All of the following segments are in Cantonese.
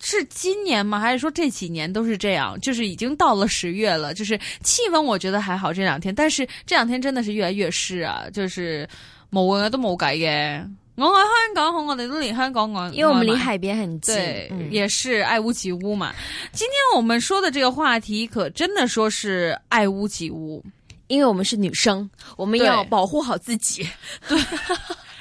是今年嗎？還是說這幾年都是這樣？就是已經到了十月了，就是氣溫我覺得還好這兩天，但是這兩天真的是越來越濕啊！就是文啊，都冇改嘅。我喺香港好，我哋都離香港我因為我們離海邊很近，也是愛屋及烏嘛。今天我們說的這個話題可真的說是愛屋及烏，因為我們是女生，我們要保護好自己。對。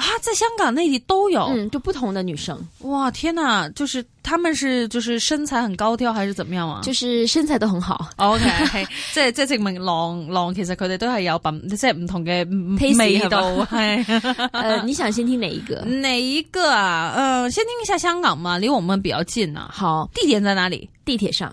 啊，在香港、內地都有，嗯，就不同的女生。哇，天哪！就是她們是就是身材很高挑，還是怎麼樣啊？就是身材都很好。OK，係、hey, 即係即係證明浪浪其實佢哋都係有品，即係唔同嘅味道。係， 呃，你想先聽哪一個？ 哪一個啊？啊、呃、嗯，先聽一下香港嘛，離我們比較近呢、啊。好，地點在哪裏？地鐵上。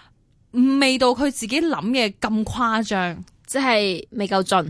未到佢自己諗嘅咁誇張，即係未夠盡。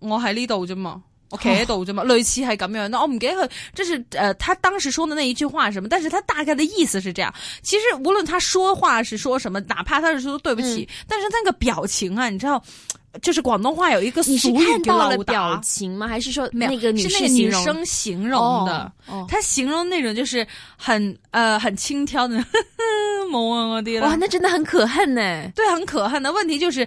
我喺呢度啫嘛，我企喺度啫嘛，類似係咁樣。那我唔記得佢，就是呃，他當時說的那一句話什麼，但是他大概的意思是這樣。其實無論他說話是說什麼，哪怕他是說對不起，嗯、但是那個表情啊，你知道，就是廣東話有一個俗語叫摟打。你是看到了表情嗎？還是說那個女生形容的，他形容那種就是很，呃、哦，很輕佻的。我我的哇，那真的很可恨呢，欸。對，很可恨的。問題就是。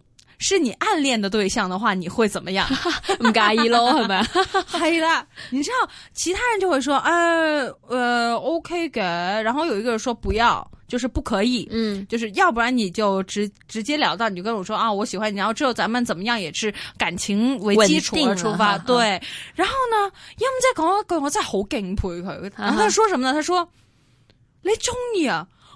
是你暗戀的對象的話，你會怎麼樣？唔介意咯，係 咪？係啦， 你知道其他人就會說，哎、呃呃，OK，嘅。然後有一個人說不要，就是不可以，嗯，就是要不然你就直直接了當，你就跟我說啊，我喜歡你。然後之後咱們怎麼樣也是感情為基礎出發哈哈，對。然後呢，要麼再講搞我再好敬佩佢。然後他說什麼呢？他說你中意啊？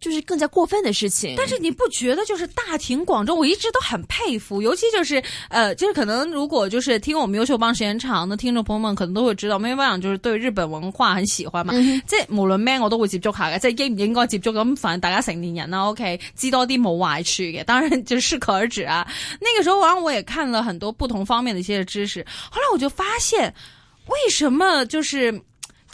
就是更加過分的事情，但是你不覺得就是大庭廣眾？我一直都很佩服，尤其就是呃，就是可能如果就是聽我們優秀幫時間長的聽眾朋友們，可能都會知道，沒有辦法就是對日本文化很喜歡嘛。嗯，即係無論咩，我都會接觸下嘅。即應唔應該接觸咁，反正大家成年人啦，OK，知多啲冇壞處嘅，當然就適可而止啊。那個時候，反正我也看了很多不同方面的一些知識，後來我就發現，為什麼就是。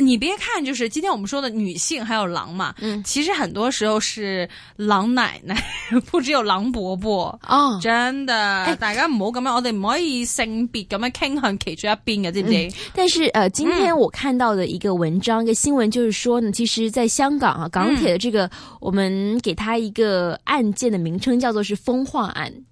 你別看，就是今天我們說的女性還有狼嘛，嗯，其實很多時候是狼奶奶，不只有狼伯伯啊，哦，真的。欸，大家唔好咁樣，我哋唔可以性別咁樣傾向其中一邊嘅，知唔知？嗯，但是呃，今天我看到的一個文章，嗯，一個新聞，就是說呢，其實在香港啊，港鐵的這個，嗯，我們給他一個案件的名稱叫做是“風化案”。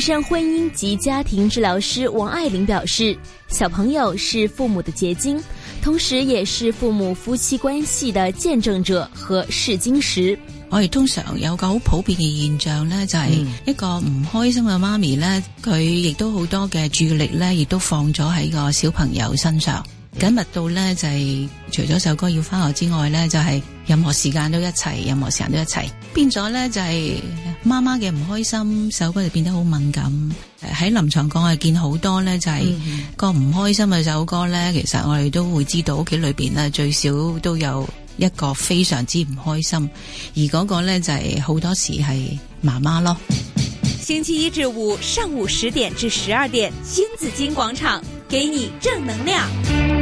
資深婚姻及家庭治療師王愛玲表示：小朋友是父母的結晶，同時也是父母夫妻關係的見證者和試金石。我哋通常有個好普遍嘅現象咧，就係一個唔開心嘅媽咪咧，佢亦都好多嘅注意力咧，亦都放咗喺個小朋友身上。緊密到咧，就係除咗首歌要翻學之外咧，就係任何時間都一齊，任何時間都一齊。變咗呢，就係媽媽嘅唔開心，首歌就變得好敏感。喺臨床講我見好多呢，就係個唔開心嘅首歌呢。其實我哋都會知道屋企裏邊咧，最少都有一個非常之唔開心，而嗰個呢，就係好多時係媽媽咯。星期一至五上午十點至十二點，金紫荊廣場，給你正能量。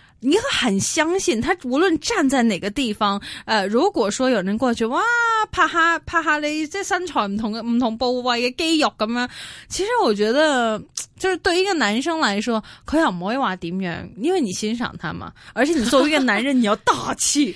你會很相信他，無論站在哪個地方，呃，如果說有人過去，哇，啪哈啪哈嘞，這身材唔同唔同部位嘅肌肉咁樣，其實我覺得，就是對於一個男生來說，佢又唔可以話點樣，因為你欣賞他嘛，而且你作為一個男人， 你要大氣。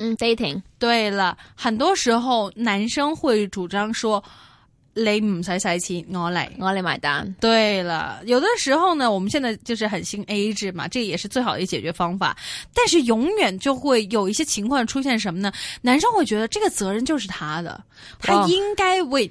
嗯、 mm,，dating。對了，很多時候男生會主張說，你唔使使錢，我 嚟，我嚟買單。對了，有的時候呢，我們現在就是很興 A A 制嘛，這個、也是最好的解決方法。但是永遠就會有一些情況出現什麼呢？男生會覺得這個責任就是他的，oh. 他應該為。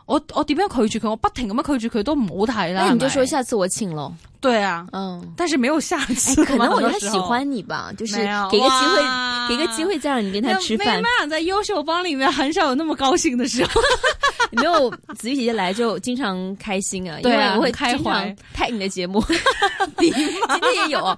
我我點樣拒絕佢？我不停咁樣拒絕佢都唔好睇啦。那你就說下次我請咯。對啊，嗯，但是沒有下次。欸、可能我覺得他喜歡你吧， 就是給個機會，給個機會再讓你跟他吃。吃飯。我諗在優秀幫裏面很少有那麼高興的時候。 沒有子玉姐姐來就經常開心啊，啊因為我會經常睇你的節目、啊 你，今天也有、啊。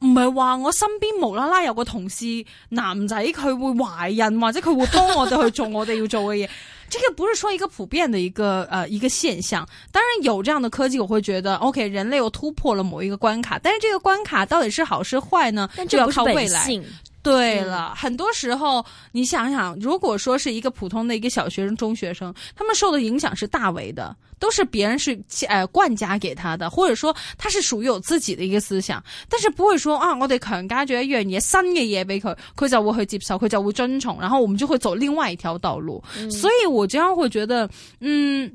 唔係話我身邊無啦啦有個同事男仔佢會懷孕或者佢會幫我哋去做我哋要做嘅嘢，即 係不是說一個普遍的一個誒、呃、一個現象。當然有這樣的科技，我會覺得 OK，人類又突破了某一個關卡。但係這個關卡到底是好是壞呢？就要靠未來。對了，嗯，很多時候你想想，如果說是一個普通的一個小學生、中學生，他們受的影響是大為的，都是別人是呃慣家給他的，或者說他是屬於有自己的一個思想，但是不會說啊，我哋強加咗一樣嘢，新嘅嘢俾佢，佢就會去接受，佢就會尊崇，然後我們就會走另外一條道路。嗯，所以我這樣會覺得，嗯。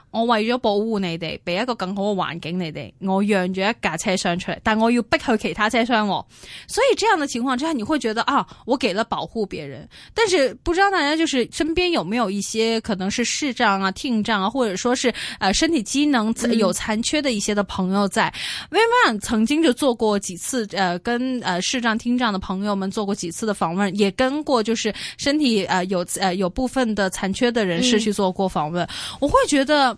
我為咗保護你哋，俾一個更好嘅環境你哋，我讓咗一架車廂出嚟，但我要逼去其他車廂，所以這樣的情況之下，你會覺得啊，我給了保護別人，但是不知道大家就是身邊有沒有一些可能是視障啊、聽障啊，或者說是誒、呃、身體機能有殘缺的一些的朋友在？Vivan 曾經就做過幾次，呃、跟誒、呃、視障、聽障的朋友們做過幾次的訪問，也跟過就是身體、呃、有、呃、有部分的殘缺的人士去做過訪問。嗯，我會覺得。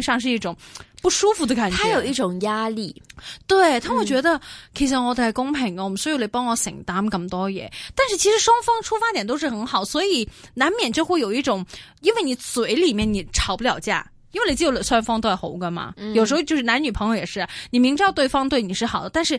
上是一種不舒服的感覺，他有一種壓力，對他會覺得、嗯、其實我哋係公平嘅，我唔需要你幫我承擔咁多嘢，但是其實雙方出發點都是很好，所以難免就會有一種，因為你嘴裏面你吵不了架，因為你只有雙方都係好噶嘛、嗯，有時候就是男女朋友也是，你明知道對方對你是好的，但是。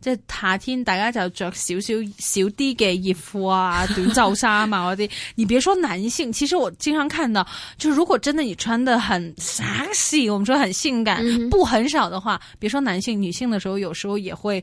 即係夏天，大家就着少少少啲嘅熱褲啊、短袖衫啊嗰啲。啊啊啊啊啊、 你別說男性，其實我經常看到，就如果真的你穿得很 s e 我們說很性感，布、嗯、很少的話，別說男性，女性的時候有時候也會。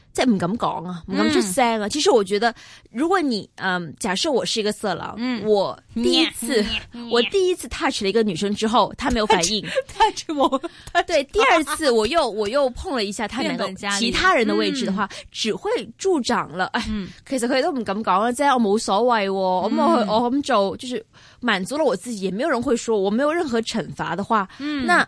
真唔敢講啊，唔敢出聲啊。其實我覺得，如果你，嗯、呃，假設我是一個色狼，嗯、我第一次、嗯，我第一次 touch 了一個女生之後，她、嗯、沒有反應，touch 我， 對，第二次我又 我又碰了一下她男的其他人的位置的話，嗯、只會助長了。其實佢都唔敢講啊，即係我冇所謂，我我我咁做，就是滿足了我自己，也沒有人會說我沒有任何懲罰的話，嗯，那。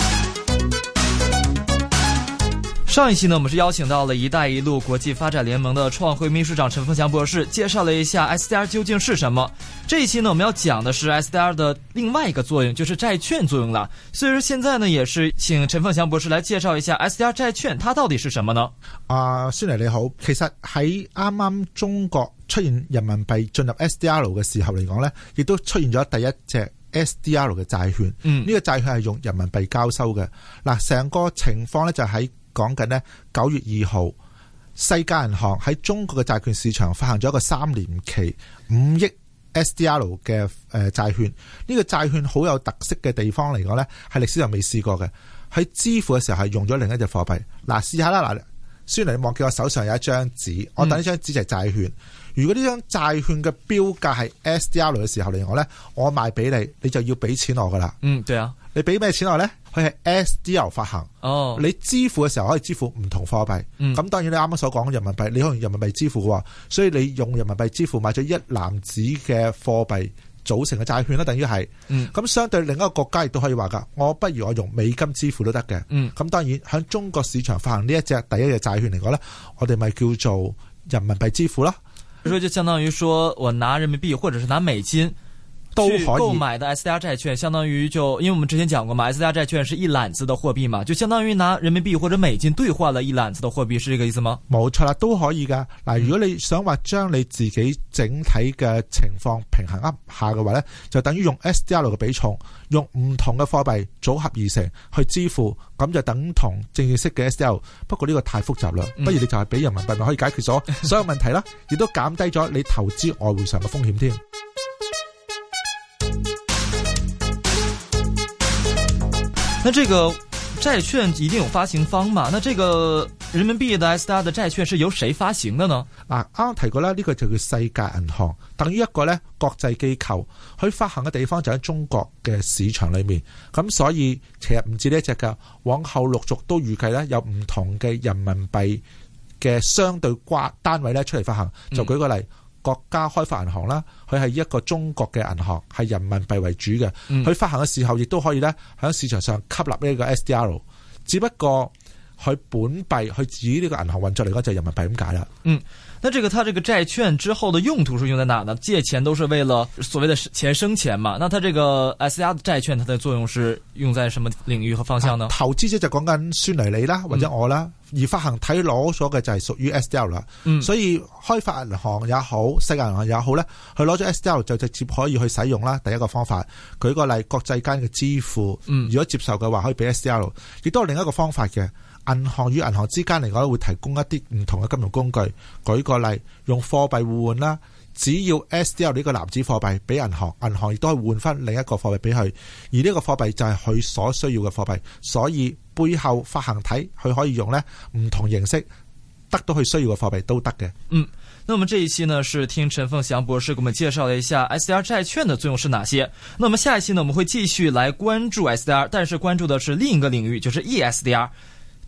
上一期呢，我們是邀請到了“一帶一路”國際發展聯盟的創會秘書長陳鳳翔博士，介紹了一下 SDR 究竟是什麼。這一期呢，我們要講的是 SDR 的另外一個作用，就是債券作用了。所以說現在呢，也是請陳鳳翔博士來介紹一下 SDR 債券，它到底是什麼呢？啊，孫黎你好，其實喺啱啱中國出現人民幣進入 SDR 嘅時候嚟講呢，亦都出現咗第一隻 SDR 嘅債券。嗯，呢、這個債券係用人民幣交收嘅。嗱，成個情況呢，就喺講緊呢，九月二號，世界銀行喺中國嘅債券市場發行咗一個三年期五億 SDR 嘅誒債券。呢、這個債券好有特色嘅地方嚟講呢係歷史上未試過嘅。喺支付嘅時候係用咗另一隻貨幣。嗱，試下啦，嗱，雖然你望見我手上有一張紙，我等呢一張紙就係債券、嗯。如果呢張債券嘅標價係 SDR 嘅時候嚟講呢，我賣俾你，你就要俾錢我噶啦。嗯，對啊。你俾咩錢落咧？佢係 SDL 發行，哦，你支付嘅時候可以支付唔同貨幣。咁、嗯、當然你啱啱所講人民幣，你可以用人民幣支付喎。所以你用人民幣支付買咗一籃子嘅貨幣組成嘅債券啦，等於係。咁、嗯、相對另一個國家亦都可以話噶，我不如我用美金支付都得嘅。咁、嗯、當然喺中國市場發行呢一隻第一隻債券嚟講咧，我哋咪叫做人民幣支付咯。所以就相當於說我拿人民幣，或者是拿美金，都好，購買的 S D R 債券相當於就，因為我們之前講過嘛，S D R 債券是一攬子的貨幣嘛，就相當於拿人民幣或者美金兌換了一攬子的貨幣，是這個意思嗎？冇錯啦，都可以噶。嗱，如果你想話將你自己整體嘅情況平衡一下嘅話呢，就等於用 S D R 嘅比重，用唔同嘅貨幣組合而成去支付，咁就等同正式嘅 S D R，不過呢個太複雜啦，不如你就係俾人民幣咪可以解決咗 所有問題啦，亦都減低咗你投資外匯上嘅風險添。那這個債券一定有發行方嘛？那這個人民幣的 SDR 的債券是由誰發行的呢？嗱，啱啱提過啦，呢、這個就叫世界銀行，等於一個咧國際機構，佢發行嘅地方就喺中國嘅市場裏面。咁所以其實唔止呢一隻嘅，往後陸續都預計呢，有唔同嘅人民幣嘅相對掛單位咧出嚟發行、嗯。就舉個例。國家開發銀行啦，佢係一個中國嘅銀行，係人民幣為主嘅。佢、嗯、發行嘅時候，亦都可以呢，喺市場上吸納呢一個 SDR。只不過佢本幣，佢指呢個銀行運作嚟講就係人民幣，噉解啦。嗯。那這個，他這個債券之後的用途是用在哪呢？借錢都是為了所謂的錢生錢嘛？那他這個 SDR 的債券，它的作用是用在什麼領域和方向呢？啊、投資者就講緊算嚟你啦，或者我啦，嗯、而發行體攞咗嘅就係屬於 SDR 啦、嗯。所以開發銀行也好，世界銀行也好呢，佢攞咗 SDR 就直接可以去使用啦。第一個方法，舉個例，國際間嘅支付，如果接受嘅話，可以俾 SDR，亦都係另一個方法嘅。銀行與銀行之間嚟講，會提供一啲唔同嘅金融工具。舉個例，用貨幣互換啦，只要 S D R 呢個籃子貨幣俾銀行，銀行亦都係換翻另一個貨幣俾佢，而呢個貨幣就係佢所需要嘅貨幣，所以背後發行體佢可以用呢唔同形式得到佢需要嘅貨幣都得嘅。嗯，那我們這一期呢是聽陳鳳祥博士給我們介紹一下 S D R 債券的作用是哪些。那麼下一期呢我們會繼續來關注 S D R，但是關注的是另一個領域，就是 E S D R。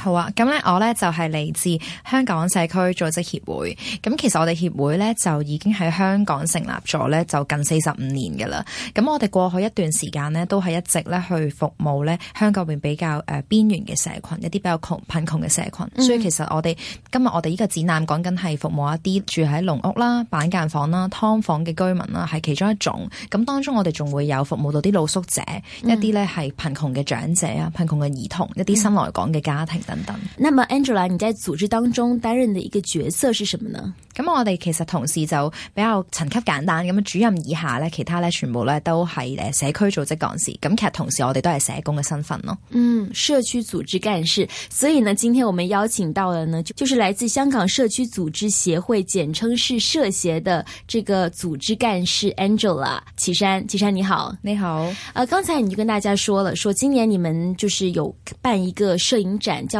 好啊，咁咧我咧就係嚟自香港社區組織協會，咁其實我哋協會咧就已經喺香港成立咗咧就近四十五年噶啦，咁我哋過去一段時間呢，都係一直咧去服務咧香港邊比較誒邊緣嘅社群，一啲比較窮貧窮嘅社群、嗯，所以其實我哋今日我哋呢個展覽講緊係服務一啲住喺農屋啦、板間房啦、劏房嘅居民啦，係其中一種，咁當中我哋仲會有服務到啲露宿者，一啲咧係貧窮嘅長者啊、貧窮嘅兒童，一啲新來港嘅家庭。等等，那麼 Angela，你在組織當中擔任的一個角色是什麼呢？咁我哋其實同事就比較層級簡單，咁主任以下咧，其他咧全部咧都係誒社區組織幹事。咁其實同事我哋都係社工嘅身份咯。嗯，社區組織幹事。所以呢，今天我們邀請到嘅呢就就是來自香港社區組織協會，簡稱是社協的這個組織幹事 Angela，岐山，岐山你好，你好。呃，剛才你就跟大家說了，說今年你們就是有辦一個攝影展叫。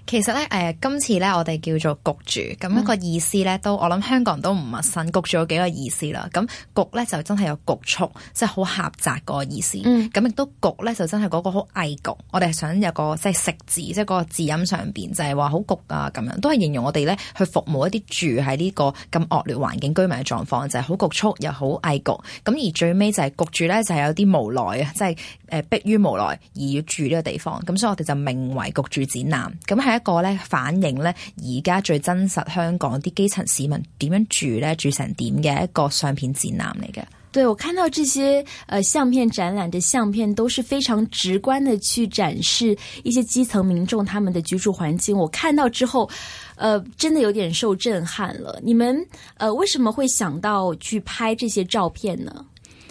其實咧，誒、呃、今次咧，我哋叫做焗住，咁、那、一個意思咧、嗯，都我諗香港人都唔陌生。焗住有幾個意思啦，咁焗咧就真係有局促，即係好狹窄個意思。咁、嗯、亦都焗咧就真係嗰個好翳焗。我哋係想有個即係食字，即係個字音上面，就係話好焗啊咁樣，都係形容我哋咧去服務一啲住喺呢個咁惡劣環境居民嘅狀況，就係好局促又好翳焗。咁而最尾就係焗住咧，就係、是、有啲無奈啊，即係誒逼於無奈而要住呢個地方。咁所以我哋就命為焗住展覽。咁一個咧反映咧而家最真實香港啲基層市民點樣住咧住成點嘅一個相片展覽嚟嘅。對，我看到這些誒、呃、相片展覽嘅相片都是非常直觀的去展示一些基層民眾他們的居住環境。我看到之後，誒、呃、真的有點受震撼了。你們誒、呃、為什麼會想到去拍這些照片呢？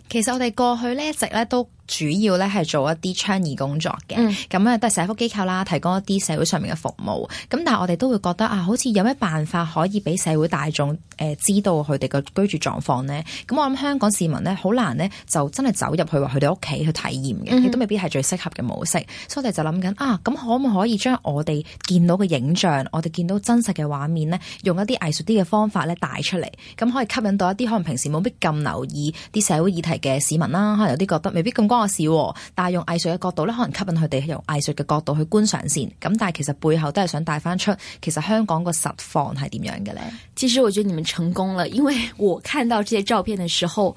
其實我哋過去咧，一直咧都，主要咧係做一啲倡議工作嘅，咁咧都係社福機構啦，提供一啲社會上面嘅服務。咁但係我哋都會覺得啊，好似有咩辦法可以俾社會大眾誒知道佢哋個居住狀況呢？咁我諗香港市民咧好難咧就真係走入去話佢哋屋企去體驗嘅，亦都未必係最適合嘅模式、嗯。所以我哋就諗緊啊，咁可唔可以將我哋見到嘅影像，我哋見到真實嘅畫面咧，用一啲藝術啲嘅方法咧帶出嚟，咁可以吸引到一啲可能平時冇乜咁留意啲社會議題嘅市民啦，可能有啲覺得未必咁但係用藝術嘅角度咧，可能吸引佢哋係用藝術嘅角度去觀賞先。咁但係其實背後都係想帶翻出，其實香港個實況係點樣嘅呢？其實我覺得你們成功了，因為我看到這些照片嘅時候。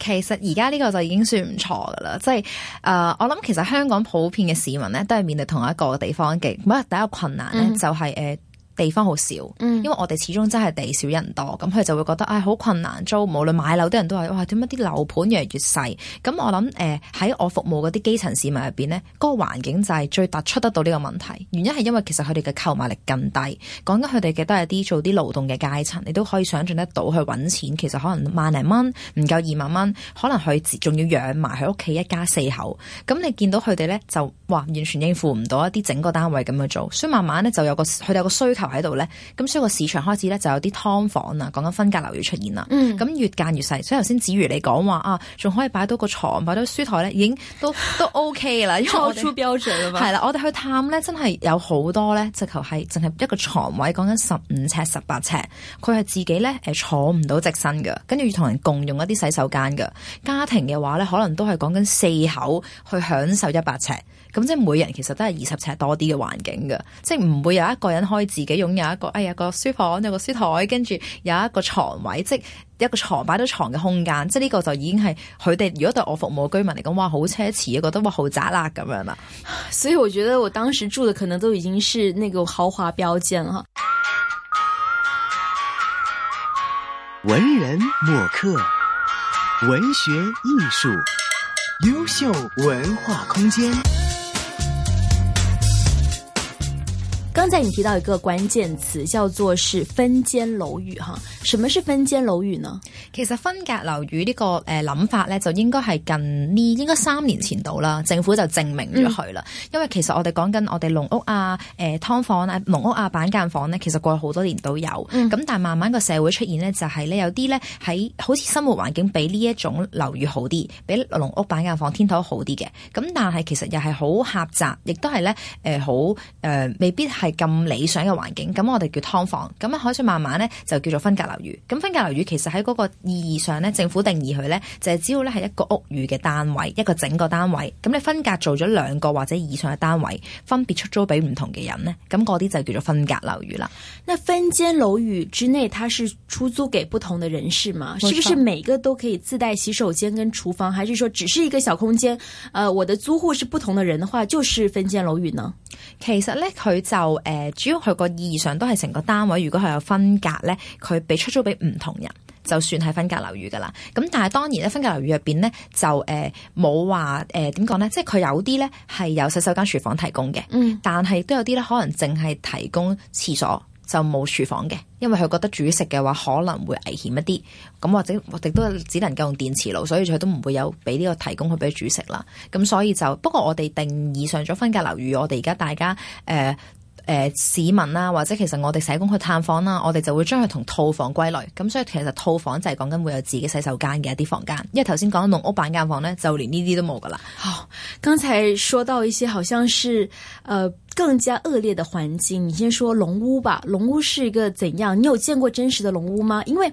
其實而家呢個就已經算唔錯㗎喇，即係誒，我諗其實香港普遍嘅市民咧，都係面對同一個地方嘅咁係第一個困難咧，就係、是、誒。嗯地方好少，因為我哋始終真係地少人多，咁、嗯、佢就會覺得啊好、哎、困難租。無論買樓啲人都係哇點解啲樓盤越嚟越細？咁我諗喺、呃、我服務嗰啲基層市民入面呢，嗰、嗰個環境就係最突出得到呢個問題。原因係因為其實佢哋嘅購買力更低。講緊佢哋嘅都係啲做啲勞動嘅階層，你都可以想象得到去揾錢其實可能萬零蚊唔夠二萬蚊，可能佢仲要養埋佢屋企一家四口。咁你見到佢哋呢，就話完全應付唔到一啲整個單位咁樣做，所以慢慢呢，就有個佢哋個需。頭喺度咧，咁所以個市場開始咧就有啲劏房啊，講緊分隔樓要出現啦。咁、嗯、越間越細，所以頭先子瑜你講話啊，仲可以擺到個床，擺到書台咧，已經都都 OK 啦，超 出標準嘛。係啦，我哋去探咧，真係有好多咧，直頭係淨係一個床位，講緊十五尺、十八尺，佢係自己咧誒坐唔到直身嘅，跟住要同人共用一啲洗手間嘅。家庭嘅話咧，可能都係講緊四口去享受一百尺。咁即係每人其實都係二十尺多啲嘅環境嘅，即係唔會有一個人可以自己擁有一個，哎呀個書房有個書台，跟住有一個床位，即一個床擺到床嘅空間，即係呢個就已經係佢哋如果對我服務居民嚟講，哇好奢侈，覺得哇豪宅啦咁樣啦。所以我覺得我當時住嘅可能都已經係呢個豪華標間啦。文人墨客，文學藝術，優秀文化空間。剛才你提到一個關鍵詞，叫做是分間樓宇，哈？什麼是分間樓宇呢？其實分隔樓宇呢個誒諗法咧，就應該係近呢應該三年前度啦，政府就證明咗佢啦。因為其實我哋講緊我哋農屋啊、誒、呃、劏房啊、農屋啊板間房咧，其實過去好多年都有。咁、嗯、但係慢慢個社會出現咧，就係咧有啲咧喺好似生活環境比呢一種樓宇好啲，比農屋板間房天台好啲嘅。咁但係其實又係好狹窄，亦都係咧誒好誒未必係。咁理想嘅環境，咁我哋叫劏房。咁啊，開始慢慢咧就叫做分隔樓宇。咁分隔樓宇其實喺嗰個意義上咧，政府定義佢咧就係、是、只要咧係一個屋宇嘅單位，一個整個單位，咁你分隔做咗兩個或者以上嘅單位，分別出租俾唔同嘅人咧，咁嗰啲就叫做分隔樓宇啦。嗱，分間樓宇之內，它是出租給不同的人士嗎？是不是每個都可以自帶洗手間跟廚房，還是說只是一個小空間？誒、呃，我的租戶是不同的人的話，就是分間樓，樓、呃就是、樓宇呢？其實咧，佢就誒、呃，主要佢個意義上都係成個單位，如果係有分隔咧，佢俾出租俾唔同人，就算係分隔樓宇噶啦。咁但係當然咧，分隔樓宇入邊咧就誒冇話誒點講咧，即係佢有啲咧係有洗手間、廚房提供嘅，嗯，但係都有啲咧可能淨係提供廁所就冇廚房嘅，因為佢覺得煮食嘅話可能會危險一啲，咁或者我哋都只能夠用電磁爐，所以佢都唔會有俾呢個提供去俾煮食啦。咁所以就不過我哋定義上咗分隔樓宇，我哋而家大家誒。呃誒、呃，市民啦、啊，或者其實我哋社工去探訪啦、啊，我哋就會將佢同套房歸類。咁所以其實套房就係講緊會有自己洗手間嘅一啲房間。因為頭先講到籠屋板間房咧，就連呢啲都冇㗎喇。好、哦，剛才說到一些好像是，誒、呃，更加惡劣嘅環境。你先說籠屋吧，籠屋是一個怎樣？你有見過真實嘅籠屋嗎？因為。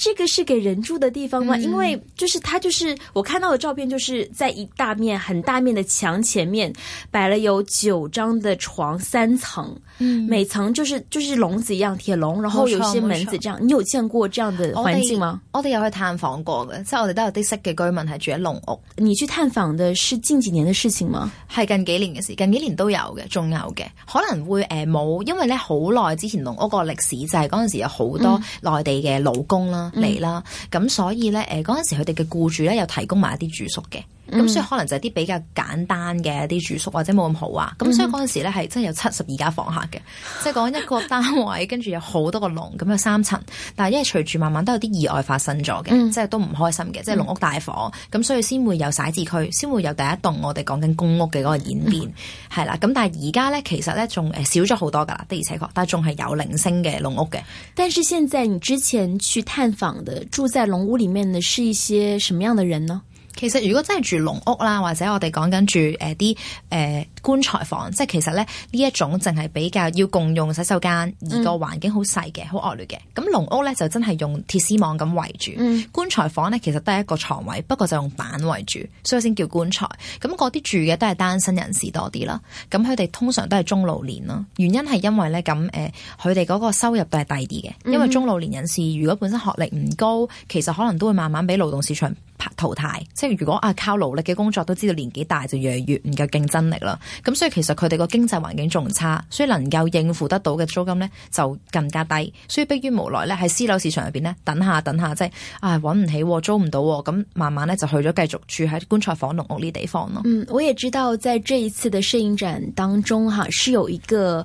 這個是給人住的地方嗎？因為就是，他就是我看到的照片，就是在一大面很大面的牆前面擺了有九張的床，三層，嗯，每層就是就是籠子一樣鐵籠，然後有些門子這樣。你有見過這樣的環境嗎？我哋有去探訪過嘅，即係我哋都有啲識嘅居民係住喺籠屋。你去探訪的是近幾年的事情嗎？係近幾年嘅事，近幾年都有嘅，仲有嘅，可能會誒冇、呃，因為咧好耐之前籠屋個歷史就係嗰陣時有好多內地嘅老公啦。嗯嚟啦，咁所以咧，誒，嗰陣時佢哋嘅雇主咧，有提供埋一啲住宿嘅。咁、嗯、所以可能就係啲比較簡單嘅一啲住宿，或者冇咁好啊，咁、嗯、所以嗰陣時咧係真係有七十二間房客嘅、嗯，即係講一個單位 跟住有好多個籠咁，有三層，但係因為隨住慢慢都有啲意外發生咗嘅、嗯，即係都唔開心嘅、嗯，即係籠屋大火，咁、嗯、所以先會有徙置區，先會有第一棟我哋講緊公屋嘅嗰個演變係啦，咁、嗯、但係而家咧其實咧仲誒少咗好多噶啦，的而且確，但係仲係有零星嘅籠屋嘅。但是現在你之前去探訪的住在籠屋裏面的是一些什麼樣的人呢？其實如果真係住籠屋啦，或者我哋講緊住啲誒、呃呃、棺材房，即係其實咧呢一種淨係比較要共用洗手間，而個環境好細嘅，好、嗯、惡劣嘅。咁籠屋咧就真係用鐵絲網咁圍住、嗯，棺材房咧其實都係一個床位，不過就用板圍住，所以先叫棺材。咁嗰啲住嘅都係單身人士多啲啦。咁佢哋通常都係中老年啦，原因係因為咧咁佢哋嗰個收入都係低啲嘅，因為中老年人士如果本身學歷唔高，其實可能都會慢慢俾勞動市場淘汰，即係如果啊靠勞力嘅工作都知道年紀大就越嚟越唔夠競爭力啦。咁所以其實佢哋個經濟環境仲差，所以能夠應付得到嘅租金呢就更加低，所以迫於無奈呢，喺私樓市場入邊呢，等下等下即係啊揾唔起，哦、租唔到，哦，咁慢慢呢，就去咗繼續住喺棺材房、農屋呢地方咯。嗯，我也知道，在這一次的攝影展當中，哈，是有一個。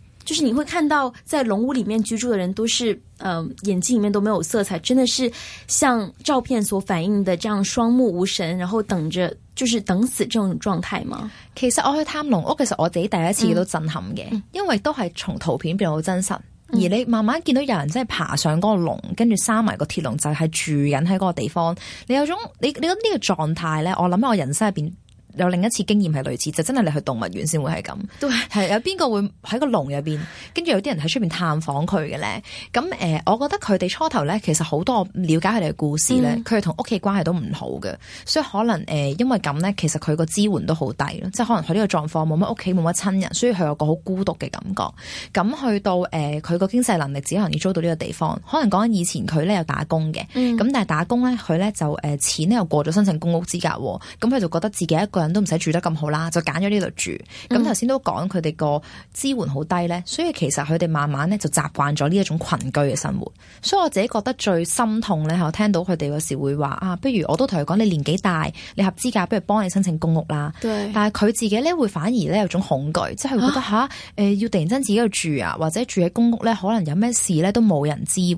就是你會看到在籠屋裏面居住的人都是，呃，眼睛裏面都沒有色彩，真的是像照片所反映的這樣雙目無神，然後等着就是等死這種狀態嗎？其實我去探籠屋，其實我自己第一次都震撼嘅、嗯，因為都係從圖片變到真實、嗯，而你慢慢見到有人真係爬上嗰個籠、嗯，跟住閂埋個鐵籠就係、是、住人喺嗰個地方，你有種你你諗呢個狀態咧，我諗喺我人生入邊。有另一次經驗係類似，就真係你去動物園先會係咁，係有邊個會喺個籠入邊，跟住有啲人喺出面探訪佢嘅咧？咁誒、呃，我覺得佢哋初頭咧，其實好多了解佢哋嘅故事咧，佢哋同屋企關係都唔好嘅、嗯，所以可能誒、呃，因為咁咧，其實佢個支援都好低咯，即係可能佢呢個狀況冇乜屋企冇乜親人，所以佢有個好孤獨嘅感覺。咁去到誒，佢、呃、個經濟能力只可能要租到呢個地方，可能講緊以前佢咧有打工嘅，咁、嗯、但係打工咧佢咧就誒、呃、錢咧又過咗申請公屋資格喎，咁佢就覺得自己一個。都唔使住得咁好啦，就揀咗呢度住。咁頭先都講佢哋個支援好低咧，所以其實佢哋慢慢咧就習慣咗呢一種群居嘅生活。所以我自己覺得最心痛咧，我聽到佢哋嗰時候會話啊，不如我都同佢講，你年紀大，你合資格，不如幫你申請公屋啦。但係佢自己咧會反而咧有種恐懼，即係覺得吓，誒要突然間自己去住啊，或者住喺公屋咧，可能有咩事咧都冇人知。咁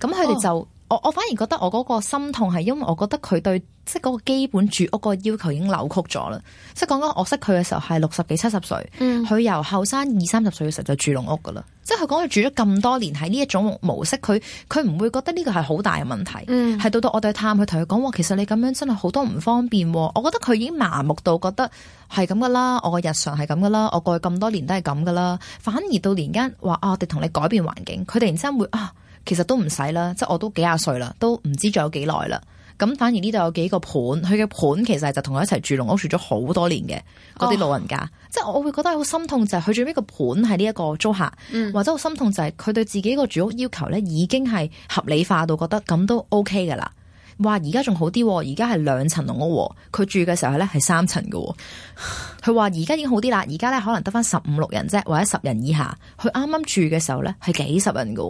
佢哋就。Oh. 我我反而覺得我嗰個心痛，係因為我覺得佢對即係嗰個基本住屋個要求已經扭曲咗啦。即係講緊我識佢嘅時候係六十幾七十歲，佢由後生二三十歲嘅時候就住籠屋噶啦。即係佢講佢住咗咁多年喺呢一種模式，佢佢唔會覺得呢個係好大嘅問題。係、嗯、到到我哋探佢同佢講其實你咁樣真係好多唔方便，啊。我覺得佢已經麻木到覺得係咁噶啦，我個日常係咁噶啦，我過去咁多年都係咁噶啦。反而到年間話啊，我哋同你改變環境，佢突然間會啊。其實都唔使啦，即係我都幾廿歲啦，都唔知仲有幾耐啦。咁反而呢度有幾個盤，佢嘅盤其實就同佢一齊住籠屋住咗好多年嘅嗰啲老人家，哦、即係我會覺得好心痛就係佢住呢個盤係呢一個租客，嗯、或者好心痛就係佢對自己個住屋要求咧已經係合理化到覺得咁都 OK 噶啦。話而家仲好啲，而家係兩層籠屋，佢住嘅時候咧係三層噶。佢話而家已經好啲啦，而家咧可能得返十五六人啫，或者十人以下。佢啱啱住嘅時候咧係幾十人噶。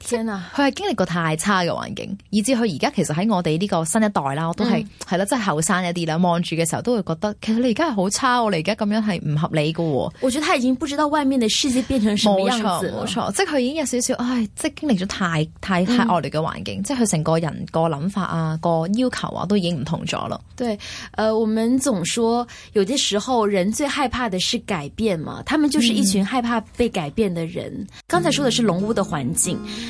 天啊！佢係經歷過太差嘅環境，以至佢而家其實喺我哋呢個新一代啦，我都係係啦，即係後生一啲啦。望住嘅時候都會覺得，其實你而家係好差，我哋而家咁樣係唔合理嘅。我覺得他已經不知道外面的世界變成什麼樣子。冇錯，冇錯，即係佢已經有少少，唉，即係經歷咗太太太惡劣嘅環境，嗯、即係佢成個人個諗法啊，個要求啊，都已經唔同咗啦。對，誒、呃，我們總說，有啲時候人最害怕嘅是改變嘛，他們就是一群害怕被改變的人。剛、嗯、才說的是籠屋嘅環境。嗯嗯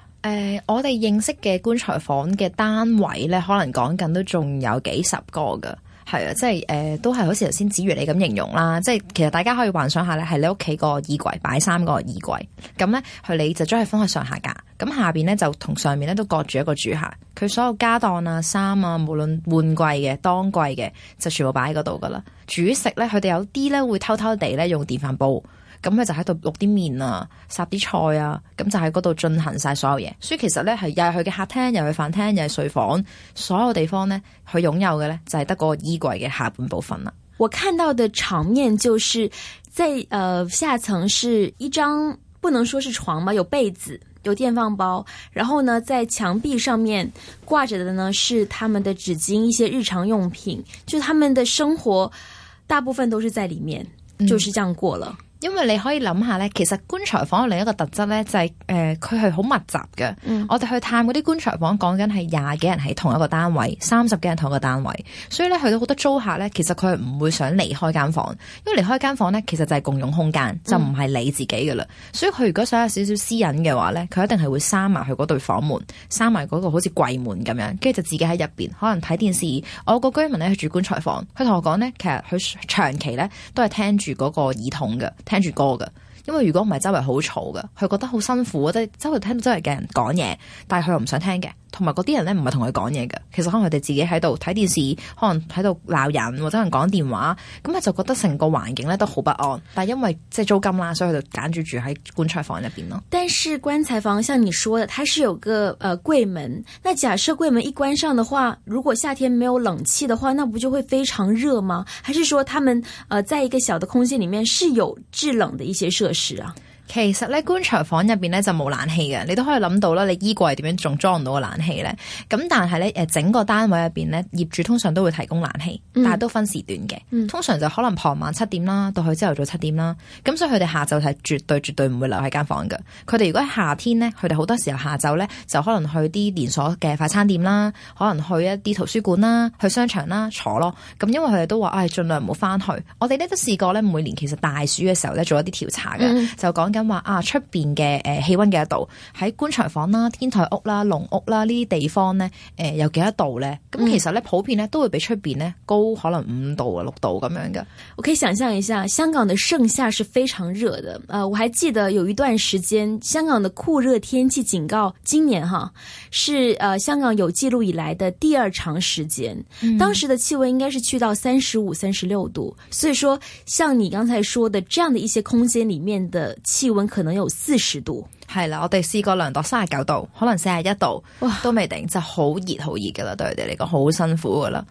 誒、呃，我哋認識嘅棺材房嘅單位咧，可能講緊都仲有幾十個噶，係啊，即係誒，都係好似頭先子瑜你咁形容啦，即係其實大家可以幻想下咧，係你屋企個衣櫃擺衫個衣櫃，咁咧佢你就將佢分開上下格，咁下面咧就同上面咧都各住一個住客，佢所有家當啊、衫啊，無論換季嘅、當季嘅，就全部擺喺嗰度噶啦。煮食咧，佢哋有啲咧會偷偷地咧用電飯煲。咁咧 就喺度碌啲麵啊，撒啲菜啊，咁就喺嗰度進行晒所有嘢。所以其實呢，係又係佢嘅客廳，又係飯廳，又係睡房，所有地方呢，佢擁有嘅呢，就係得嗰個衣櫃嘅下半部分啦。我看到的場面就是在誒、呃、下層是一張不能說是床吧，有被子，有電飯煲，然後呢在牆壁上面掛着的呢是他們的紙巾，一些日常用品，就他們的生活大部分都是在裡面，就是這樣過了。嗯。因為你可以諗下咧，其實棺材房另一個特質咧、就係，就係誒佢係好密集嘅、嗯。我哋去探嗰啲棺材房，講緊係廿幾人喺同一個單位，三十幾人同一個單位，所以咧去到好多租客咧，其實佢唔會想離開間房，因為離開間房咧，其實就係共用空間，嗯、就唔係你自己㗎啦。所以佢如果想有少少私隱嘅話咧，佢一定係會閂埋佢嗰對房門，閂埋嗰個好似櫃門咁樣，跟住就自己喺入面，可能睇電視。我個居民咧去住棺材房，佢同我講咧，其實佢長期咧都係聽住嗰個耳筒嘅。聽住歌噶，因為如果唔係周圍好嘈噶，佢覺得好辛苦，啊，即係周圍聽到周圍嘅人講嘢，但係佢又唔想聽嘅。同埋嗰啲人咧，唔係同佢講嘢嘅，其實可能佢哋自己喺度睇電視，可能喺度鬧人或者人講電話，咁啊就覺得成個環境咧都好不安。但係因為即係租金啦，所以佢就揀住住喺棺材房入邊咯。但是棺材房，像你說的，它是有個呃櫃門。那假設櫃門一關上的話，如果夏天沒有冷氣的話，那不就會非常熱嗎？還是說他們呃在一個小的空間裏面是有製冷的一些設施啊？其實咧，棺材房入邊咧就冇冷氣嘅，你都可以諗到啦。你衣櫃係點樣仲裝唔到個冷氣咧？咁但係咧，誒整個單位入邊咧，業主通常都會提供冷氣，嗯、但係都分時段嘅、嗯。通常就可能傍晚七點啦，到去朝頭早七點啦。咁所以佢哋下晝係絕對絕對唔會留喺間房嘅。佢哋如果喺夏天咧，佢哋好多時候下晝咧就可能去啲連鎖嘅快餐店啦，可能去一啲圖書館啦，去商場啦坐咯。咁因為佢哋都話，唉、哎，儘量唔好翻去。我哋咧都試過咧，每年其實大暑嘅時候咧做一啲調查嘅、嗯，就講緊啊，出邊嘅誒氣溫幾多度？喺棺材房啦、天台屋啦、籠屋啦呢啲地方呢，誒、呃、有幾多度呢？咁其實呢，普遍呢都會比出邊呢高，可能五度啊六度咁樣嘅。我可以想象一下，香港的盛夏是非常熱的，呃。我還記得有一段時間，香港的酷熱天氣警告，今年哈是、呃、香港有記錄以來的第二長時間。當時的氣溫應該是去到三十五、三十六度。所以說，像你剛才說的，這樣的一些空間裏面的。氣溫可能有四十度，係啦，我哋試過量度三十九度，可能四十一度，都未定，就好熱好熱噶啦，對佢哋嚟講好辛苦噶啦。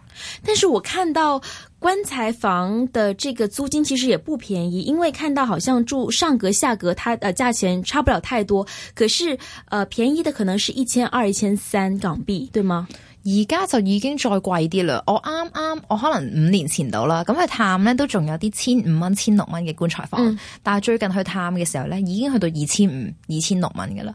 但是我看到棺材房的這個租金其實也不便宜，因為看到好像住上格下格，它誒價錢差不了太多，可是，誒、呃、便宜的可能是一千二、一千三港幣，對嗎？而家就已經再貴啲啦，我啱啱，我可能五年前度啦，咁去探咧都仲有啲千五蚊、千六蚊嘅棺材房，嗯、但係最近去探嘅時候咧，已經去到二千五、二千六蚊㗎啦。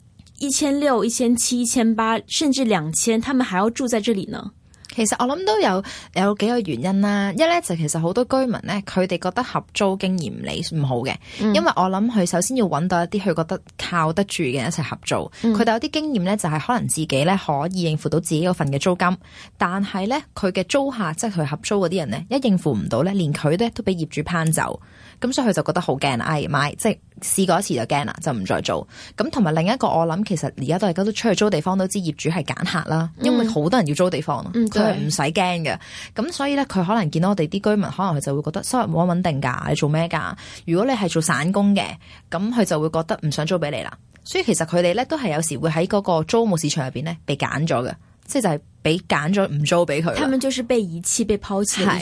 一千六、一千七、一千八，甚至兩千，他們還要住在這裡呢？其實我諗都有有幾個原因啦。一咧就是、其實好多居民咧，佢哋覺得合租經驗唔理唔好嘅、嗯，因為我諗佢首先要搵到一啲佢覺得靠得住嘅一齊合租。佢、嗯、哋有啲經驗咧就係、是、可能自己咧可以應付到自己嗰份嘅租金，但係咧佢嘅租客即係、就是、佢合租嗰啲人咧一應付唔到咧，連佢咧都俾業主拚走。咁所以佢就覺得好驚啦，哎買即係試過一次就驚啦，就唔再做咁。同埋另一個我諗，其實而家都係都出去租地方都知業主係揀客啦，因為好多人要租地方，佢係唔使驚嘅。咁所以咧，佢可能見到我哋啲居民，可能佢就會覺得收入冇穩定噶，你做咩噶？如果你係做散工嘅，咁佢就會覺得唔想租俾你啦。所以其實佢哋咧都係有時會喺嗰個租務市場入邊咧被揀咗嘅。即係就係俾揀咗唔租俾佢，佢哋就是被二次被拋棄，啊。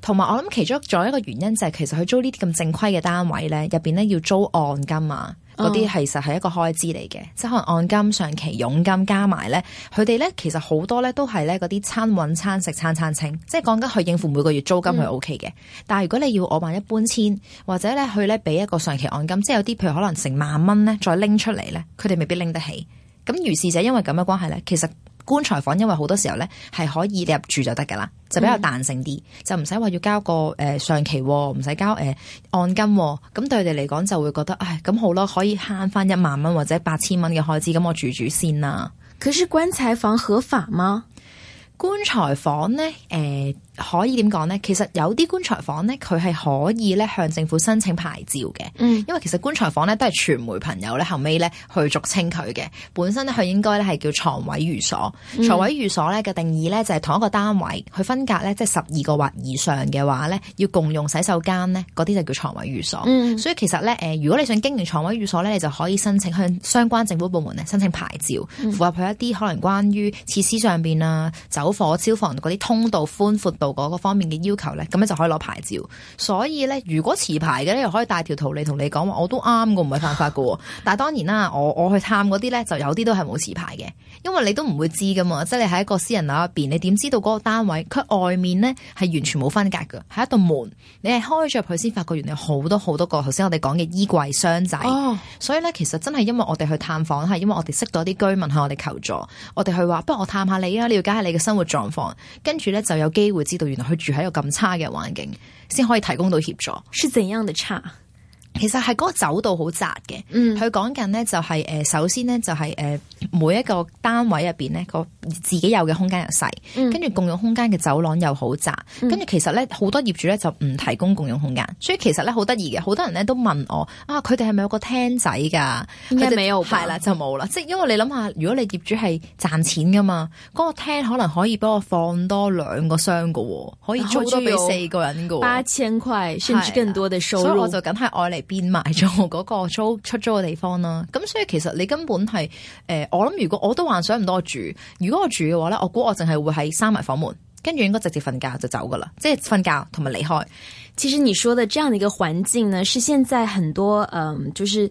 同埋，我諗其中仲有一個原因就係，其實佢租呢啲咁正規嘅單位咧，入邊咧要租按金啊，嗰啲其實係一個開支嚟嘅。哦、即係可能按金、上期佣金加埋咧，佢哋咧其實好多咧都係咧嗰啲餐搵餐食餐餐清，即係講緊佢應付每個月租金係 O K 嘅。嗯、但係如果你要我萬一搬遷或者咧，佢咧俾一個上期按金，即係有啲譬如可能成萬蚊咧再拎出嚟咧，佢哋未必拎得起。咁如是者，因為咁嘅關係咧，其實。棺材房因為好多時候咧係可以入住就得噶啦，就比較彈性啲、嗯，就唔使話要交個誒上、呃、期，唔使交誒、呃、按金，咁對佢哋嚟講就會覺得，唉，咁好咯，可以慳翻一萬蚊或者八千蚊嘅開支，咁我住住先啦。可是棺材房合法嗎？棺材房咧誒。呃可以點講呢？其實有啲棺材房咧，佢係可以咧向政府申請牌照嘅。嗯，因為其實棺材房咧都係傳媒朋友咧後尾咧去俗稱佢嘅。本身咧佢應該咧係叫床位寓所、嗯。床位寓所咧嘅定義咧就係同一個單位佢分隔咧，即係十二個或以上嘅話咧，要共用洗手間咧嗰啲就叫床位寓所、嗯。所以其實咧誒，如果你想經營床位寓所咧，你就可以申請向相關政府部門咧申請牌照，符合佢一啲可能關於設施上面啊、走火消防嗰啲通道寬闊度。嗰個方面嘅要求咧，咁樣就可以攞牌照。所以咧，如果持牌嘅咧，又可以帶條圖嚟同你講話，我都啱嘅，唔係犯法嘅。 但係當然啦，我我去探嗰啲咧，就有啲都係冇持牌嘅，因為你都唔會知噶嘛，即係你喺一個私人樓入邊，你點知道嗰個單位佢外面咧係完全冇分隔嘅，係一道門，你係開咗佢先發覺，原來好多好多個頭先我哋講嘅衣櫃箱仔。 所以咧，其實真係因為我哋去探訪，係因為我哋識咗啲居民向我哋求助，我哋去話，不如我探下你啊，了解下你嘅生活狀況，跟住咧就有機會知。到原來佢住喺一個咁差嘅環境，先可以提供到協助。是怎樣的差？其實係嗰個走道好窄嘅，佢講緊呢，就係、是、誒，首先呢，就係誒，每一個單位入邊呢，個自己有嘅空間又細，跟、嗯、住共用空間嘅走廊又好窄，跟、嗯、住其實咧好多業主咧就唔提供共用空間、嗯，所以其實咧好得意嘅，好多人咧都問我啊，佢哋係咪有個廳仔噶？咩尾有係啦就冇啦，即 係因為你諗下，如果你業主係賺錢噶嘛，嗰、那個廳可能可以幫我放多兩個箱噶，可以租多俾四個人噶，八千塊甚至更多嘅收入的，所以我就梗係愛嚟。變埋咗我嗰個租出租嘅地方啦，咁所以其實你根本係誒、呃，我諗如果我都幻想唔到我住，如果我住嘅話咧，我估我淨係會喺閂埋房門，跟住應該直接瞓覺就走噶啦，即係瞓覺同埋離開。其實你說的這樣的一個環境呢，是現在很多嗯，就是。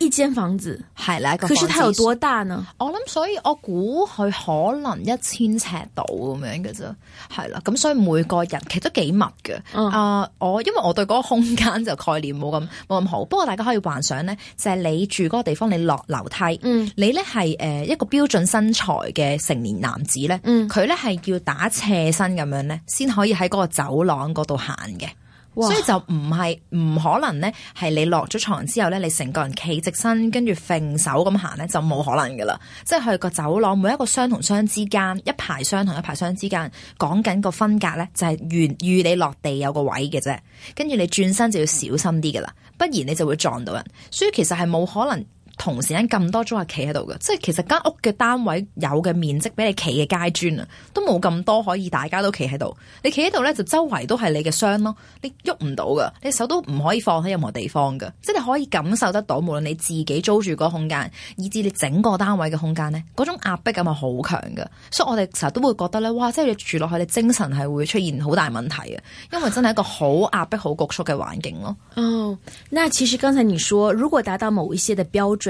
一間房子係啦，可是佢有多大呢？我諗，所以我估佢可能一千尺度咁樣嘅啫，係啦。咁所以每個人其實都幾密嘅。啊、嗯呃，我因為我對嗰個空間就概念冇咁冇咁好，不過大家可以幻想咧，就係、是、你住嗰個地方，你落樓梯，嗯，你咧係誒一個標準身材嘅成年男子咧，嗯，佢咧係要打斜身咁樣咧，先可以喺嗰個走廊嗰度行嘅。所以就唔係唔可能咧，係你落咗床之後咧，你成個人企直身，跟住揈手咁行咧，就冇可能噶啦。即係去個走廊，每一個箱同箱之間，一排箱同一排箱之間，講緊個分隔咧，就係預預你落地有個位嘅啫。跟住你轉身就要小心啲噶啦，不然你就會撞到人。所以其實係冇可能。同時間咁多租客企喺度嘅，即係其實間屋嘅單位有嘅面積俾你企嘅階磚啊，都冇咁多可以大家都企喺度。你企喺度咧，就周圍都係你嘅箱咯，你喐唔到㗎，你手都唔可以放喺任何地方㗎。即係你可以感受得到，無論你自己租住嗰個空間，以至你整個單位嘅空間咧，嗰種壓迫感係好強㗎。所以我哋成日都會覺得咧，哇！即係你住落去，你精神係會出現好大問題啊，因為真係一個好壓迫、好局促嘅環境咯。哦、oh，那其實剛才你說，如果達到某一些嘅標準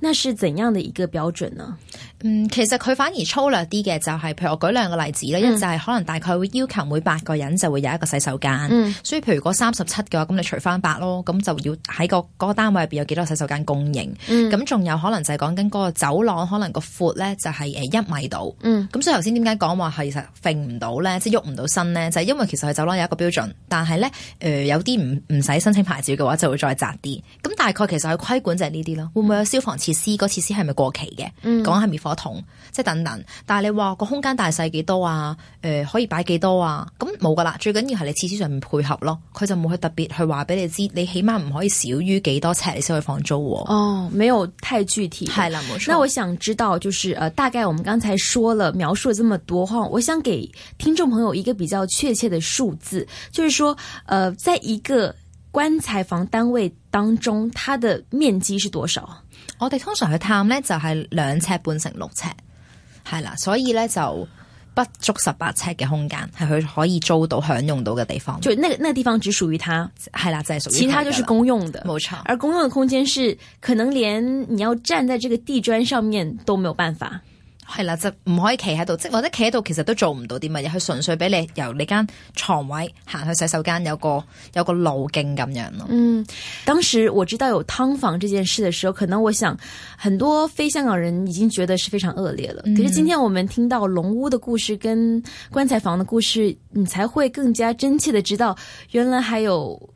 那是怎樣的一個標準呢？嗯，其實佢反而粗略啲嘅就係、是，譬如我舉兩個例子啦，一、嗯、就係可能大概會要求每八個人就會有一個洗手間，嗯，所以譬如如果三十七嘅話，咁你除翻八咯，咁就要喺個個單位入邊有幾多個洗手間供應，嗯，咁仲有可能就係講緊個走廊可能個闊咧就係誒一米度，嗯，咁、嗯、所以頭先點解講話係實 fit 唔到咧，即係喐唔到身咧，就係、是就是、因為其實佢走廊有一個標準，但係咧誒有啲唔唔使申請牌照嘅話就會再窄啲，咁大概其實佢規管就係呢啲咯，會唔會有消防？設施個設施係咪過期嘅？講下滅火筒，即、嗯、係等等。但係你話個空間大細幾多啊？誒、呃，可以擺幾多啊？咁冇噶啦。最緊要係你設施上面配合咯，佢就冇去特別去話俾你知。你起碼唔可以於少於幾多尺，你先可以放租、啊、哦。沒有太具體，係啦，冇錯。那我想知道，就是誒、呃，大概我們剛才說了描述咗這麼多話，我想給聽眾朋友一個比較確切的數字，就是說，誒、呃，在一個棺材房單位當中，它的面積是多少？我哋通常去探咧，就係兩尺半乘六尺，係啦，所以咧就不足十八尺嘅空間，係佢可以租到享用到嘅地方的。就那個那個地方只屬於他，係啦，即係、就係屬於，其他就是公用的。冇錯，而公用嘅空間是可能連你要站在這個地磚上面都沒有辦法。係啦，就唔可以企喺度，即或者企喺度，其實都做唔到啲乜嘢，佢純粹俾你由你間床位行去洗手間，有個有個路徑咁樣咯。嗯，當時我知道有劏房這件事的時候，可能我想很多非香港人已經覺得是非常惡劣了，嗯。可是今天我們聽到籠屋的故事跟棺材房的故事，你才會更加真切的知道原來還有。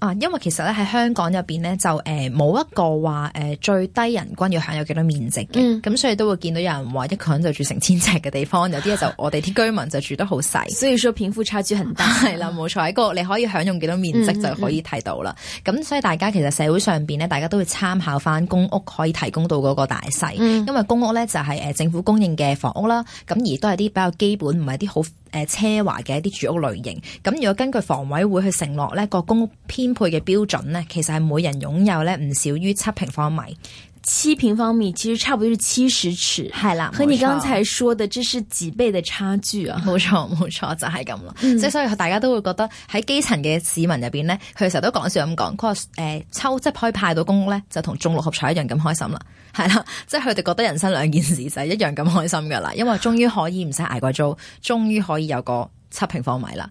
啊，因為其實咧喺香港入面，咧就誒冇一個話誒、呃、最低人均要享有幾多面積嘅，咁、嗯、所以都會見到有人話一個人就住成千尺嘅地方，有啲嘢就我哋啲居民就住得好細， 所以說貧富差距很大，啦， 冇錯，喺個你可以享用幾多面積就可以睇到啦。咁、嗯嗯、所以大家其實社會上面咧，大家都會參考翻公屋可以提供到嗰個大細、嗯，因為公屋咧就係政府供應嘅房屋啦，咁而都係啲比較基本，唔係啲好誒奢華嘅一啲住屋類型。咁如果根據房委會去承諾咧，個公屋配嘅標準咧，其實係每人擁有咧唔少於七平方米，七平方米其實差唔多係七十尺，係啦。和你剛才說的，這是幾倍嘅差距啊？冇錯冇錯，就係咁啦。即、嗯、係所以大家都會覺得喺基層嘅市民入邊咧，佢成日都講笑咁講，佢話，誒，抽即係可以派到公屋咧，就同中六合彩一樣咁開心啦。係啦，即係佢哋覺得人生兩件事就係一樣咁開心噶啦，因為終於可以唔使捱過租，終於可以有個七平方米啦。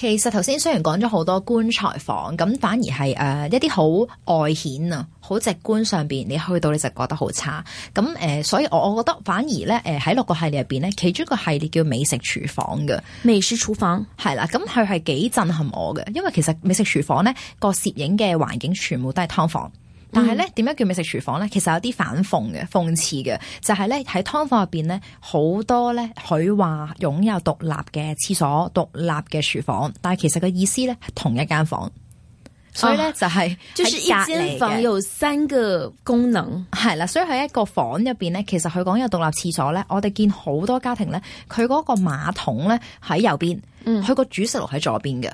其實頭先雖然講咗好多棺材房，咁反而係誒、呃、一啲好外顯啊，好直觀上面你去到你就覺得好差。咁誒、呃，所以我我覺得反而咧，誒、呃、喺六個系列入面咧，其中一個系列叫美食廚房嘅美食廚房係啦，咁佢係幾震撼我嘅。因為其實美食廚房咧個攝影嘅環境全部都係劏房。但係咧，點解叫美食廚房咧？其實有啲反諷嘅、諷刺嘅，就係咧喺劏房入邊咧，好多咧佢話擁有獨立嘅廁所、獨立嘅廚房，但係其實個意思咧係同一間房。所以咧、哦、就係、是，即、就是一間房有三個功能，係啦。所以喺一個房入邊咧，其實佢講有獨立廁所咧，我哋見好多家庭咧，佢嗰個馬桶咧喺右邊，佢、嗯、個主食爐喺左邊嘅。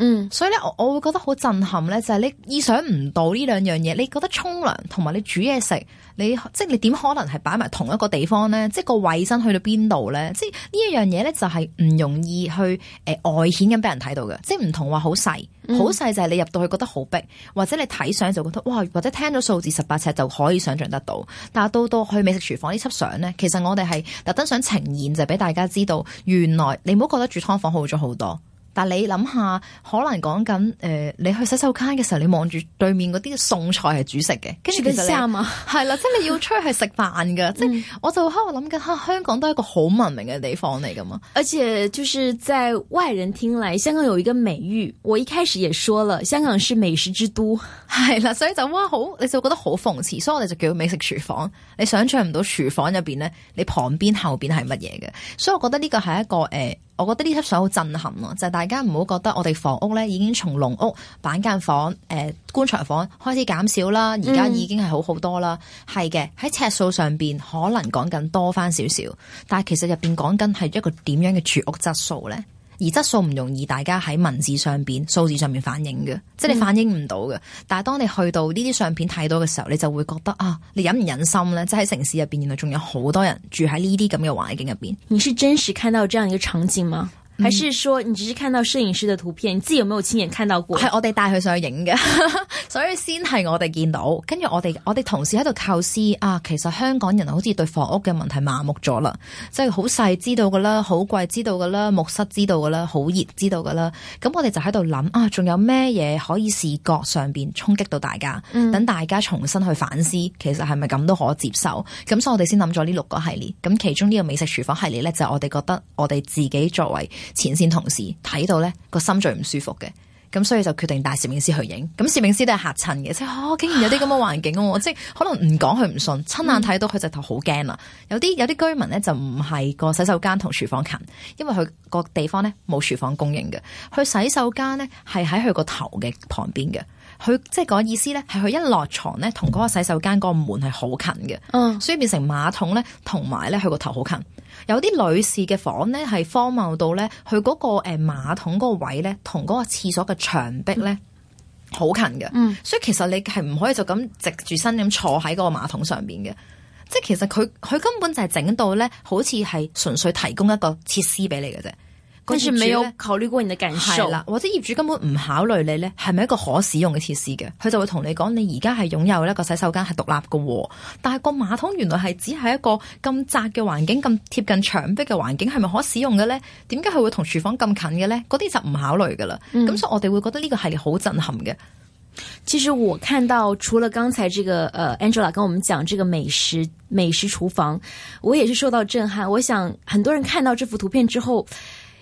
嗯，所以咧，我我會覺得好震撼咧，就係、是、你意想唔到呢兩樣嘢，你覺得沖涼同埋你煮嘢食，你即係你點可能係擺埋同一個地方咧？即係個衛生去到邊度咧？即係呢一樣嘢咧，就係唔容易去誒、呃、外顯咁俾人睇到嘅。即係唔同話好細，好細就係你入到去覺得好逼，嗯、或者你睇相就覺得哇，或者聽咗數字十八尺就可以想象得到。但係到到去美食廚房呢輯相咧，其實我哋係特登想呈現就係、是、俾大家知道，原來你唔好覺得住劏房好咗好多。但你諗下，可能講緊誒，你去洗手間嘅時候，你望住對面嗰啲餸菜係煮食嘅，跟住你食啊嘛，係啦，即 係你要出去食飯噶， 即係、嗯、我就喺度諗緊，香港都係一個好文明嘅地方嚟噶嘛，而且就是在外人聽嚟，香港有一個美譽，我一開始也說了，香港是美食之都，係啦，所以就哇好，你就覺得好諷刺，所以我哋就叫美食廚房，你想象唔到廚房入邊咧，你旁邊後邊係乜嘢嘅，所以我覺得呢個係一個誒。呃我覺得呢輯相好震撼啊，就係、大家唔好覺得我哋房屋咧已經從農屋板間房、誒、呃、棺材房開始減少啦。而家已經係好好多啦，係嘅，喺尺數上邊可能講緊多返少少，但係其實入邊講緊係一個點樣嘅住屋質素咧。而質素唔容易，大家喺文字上面、數字上面反映嘅，即係你反映唔到嘅。嗯、但係當你去到呢啲相片太多嘅時候，你就會覺得啊，你忍唔忍心呢？即係喺城市入面，原來仲有好多人住喺呢啲咁嘅環境入面。你是真實看到這樣一個場景嗎？還是說你只是看到攝影師的圖片，你自己有冇親眼看到過？係我哋帶佢上去影嘅， 所以先係我哋見到。跟住我哋，我哋同事喺度構思啊，其實香港人好似對房屋嘅問題麻木咗啦，即係好細知道噶啦，好貴知道噶啦，木虱知道噶啦，好熱知道噶啦。咁我哋就喺度諗啊，仲有咩嘢可以視覺上邊衝擊到大家，等、嗯、大家重新去反思，其實係咪咁都可接受？咁所以我哋先諗咗呢六個系列。咁其中呢個美食廚房系列咧，就係、我哋覺得我哋自己作為。前線同事睇到咧個心最唔舒服嘅，咁所以就決定帶攝影師去影。咁攝影師都係嚇親嘅，即係吓、哦，竟然有啲咁嘅環境喎！即 係可能唔講佢唔信，親眼睇到佢隻頭好驚啦。有啲有啲居民咧就唔係個洗手間同廚房近，因為佢個地方咧冇廚房供應嘅，佢洗手間咧係喺佢個頭嘅旁邊嘅。佢即係個意思咧係佢一落床咧同嗰個洗手間個門係好近嘅。嗯，所以變成馬桶咧同埋咧佢個頭好近。有啲女士嘅房咧，係荒謬到咧，佢嗰個誒馬桶嗰個位咧，同嗰個廁所嘅牆壁咧，好近嘅。嗯，所以其實你係唔可以就咁直住身咁坐喺嗰個馬桶上邊嘅。即係其實佢佢根本就係整到咧，好似係純粹提供一個設施俾你嘅啫。跟住未有考慮過你嘅感受，係啦，或者業主根本唔考慮你咧，係咪一個可使用嘅設施嘅？佢就會同你講，你而家係擁有一個洗手間係獨立嘅，但係個馬桶原來係只係一個咁窄嘅環境，咁貼近牆壁嘅環境係咪可使用嘅咧？點解佢會同廚房咁近嘅咧？嗰啲就唔考慮噶啦。咁、嗯、所以我哋會覺得呢個系列好震撼嘅。其實我看到除了剛才這個，誒，Angela 跟我們講這個美食美食廚房，我也是受到震撼。我想很多人看到這幅圖片之後。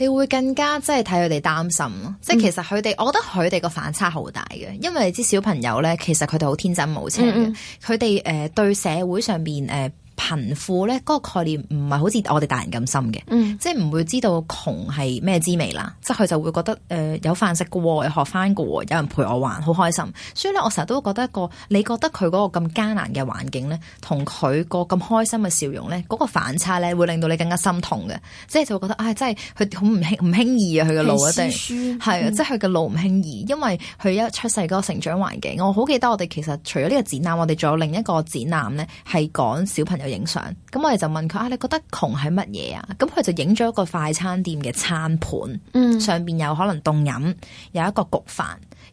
你會更加即係睇佢哋擔心咯，即、嗯、係其實佢哋，我覺得佢哋個反差好大嘅，因為啲小朋友咧，其實佢哋好天真無邪嘅，佢哋誒對社會上面誒，呃貧富咧，嗰個概念唔係好似我哋大人咁深嘅，嗯，即係唔會知道窮係咩滋味啦，嗯。即係佢就會覺得，呃、有飯食嘅喎，有學翻過喎，有人陪我玩，好開心。所以咧，我成日都覺得一個你覺得佢嗰個咁艱難嘅環境咧，同佢個咁開心嘅笑容咧，嗰、嗰個反差咧，會令到你更加心痛嘅。即係就會覺得唉，哎，真係佢好唔輕唔輕易啊，佢嘅路一定係啊，即係佢嘅路唔輕易，因為佢一出世嗰個成長環境。我好記得我哋其實除咗呢個展覽，我哋仲有另一個展覽咧，係講小朋友。影相，咁我哋就問佢啊，你覺得窮係乜嘢啊？咁佢就影咗一個快餐店嘅餐盤，嗯，上邊有可能凍飲，有一個焗飯，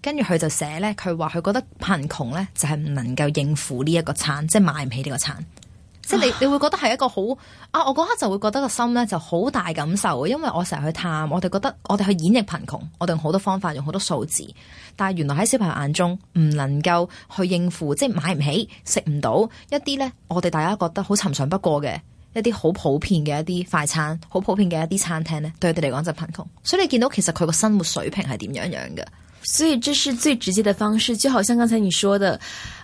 跟住佢就寫咧，佢話佢覺得貧窮咧就係唔能夠應付呢一個餐，即係買唔起呢個餐。即係你，你會覺得係一個好啊！我嗰刻就會覺得個心咧就好大感受嘅，因為我成日去探，我哋覺得我哋去演繹貧窮，我哋用好多方法，用好多數字，但係原來喺小朋友眼中唔能夠去應付，即係買唔起、食唔到一啲咧。我哋大家覺得好尋常不過嘅一啲好普遍嘅一啲快餐，好普遍嘅一啲餐廳咧，對佢哋嚟講就貧窮。所以你見到其實佢個生活水平係點樣樣嘅。所以最最直接的方式，就好像剛才你說的。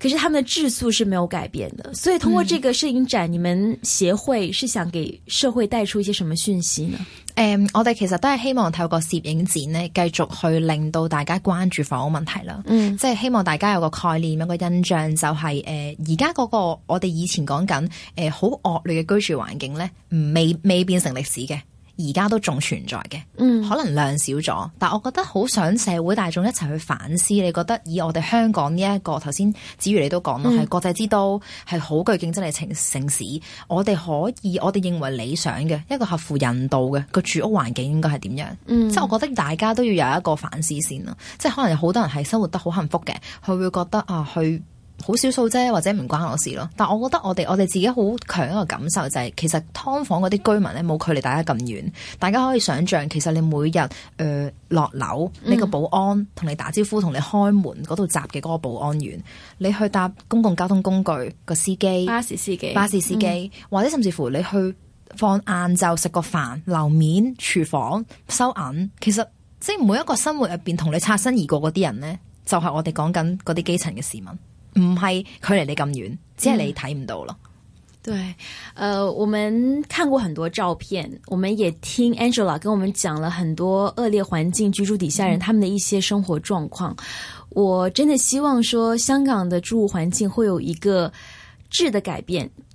可是他們的質素是沒有改變的，所以通過這個攝影展，嗯、你們協會是想給社會帶出一些什麼訊息呢？誒、嗯，我哋其實都係希望透過攝影展呢，繼續去令到大家關注房屋問題啦。嗯，即係希望大家有個概念、有個印象、就是，就係誒而家嗰個我哋以前講緊誒好惡劣嘅居住環境咧，未未變成歷史嘅。而家都仲存在嘅，可能量少咗，但我覺得好想社會大眾一齊去反思。你覺得以我哋香港呢，這，一個頭先子瑜你都講啦，係國際之都，係好具競爭力城城市，我哋可以，我哋認為理想嘅一個合乎人道嘅個住屋環境應該係點樣？即，嗯、係我覺得大家都要有一個反思先咯，即係可能好多人係生活得好幸福嘅，佢會覺得啊去。好少數啫，或者唔關我事咯。但我覺得我哋我哋自己好強嘅感受就係、是，其實㓥房嗰啲居民咧冇距離大家咁遠。大家可以想象，其實你每日誒落樓，呢、呃、個保安同你打招呼，同你開門嗰度閘嘅嗰個保安員，你去搭公共交通工具個司機，巴士司機，巴士司機、嗯，或者甚至乎你去放晏晝食個飯，樓面廚房收銀，其實即係每一個生活入邊同你擦身而過嗰啲人呢，就係、是、我哋講緊嗰啲基層嘅市民。唔係佢離你咁遠，即係你睇唔到咯、嗯。對，呃我們看過很多照片，我們也聽 Angela 跟我們講了很多惡劣環境居住底下人他們的一些生活狀況。嗯、我真的希望說，香港的住屋環境會有一個質的改變。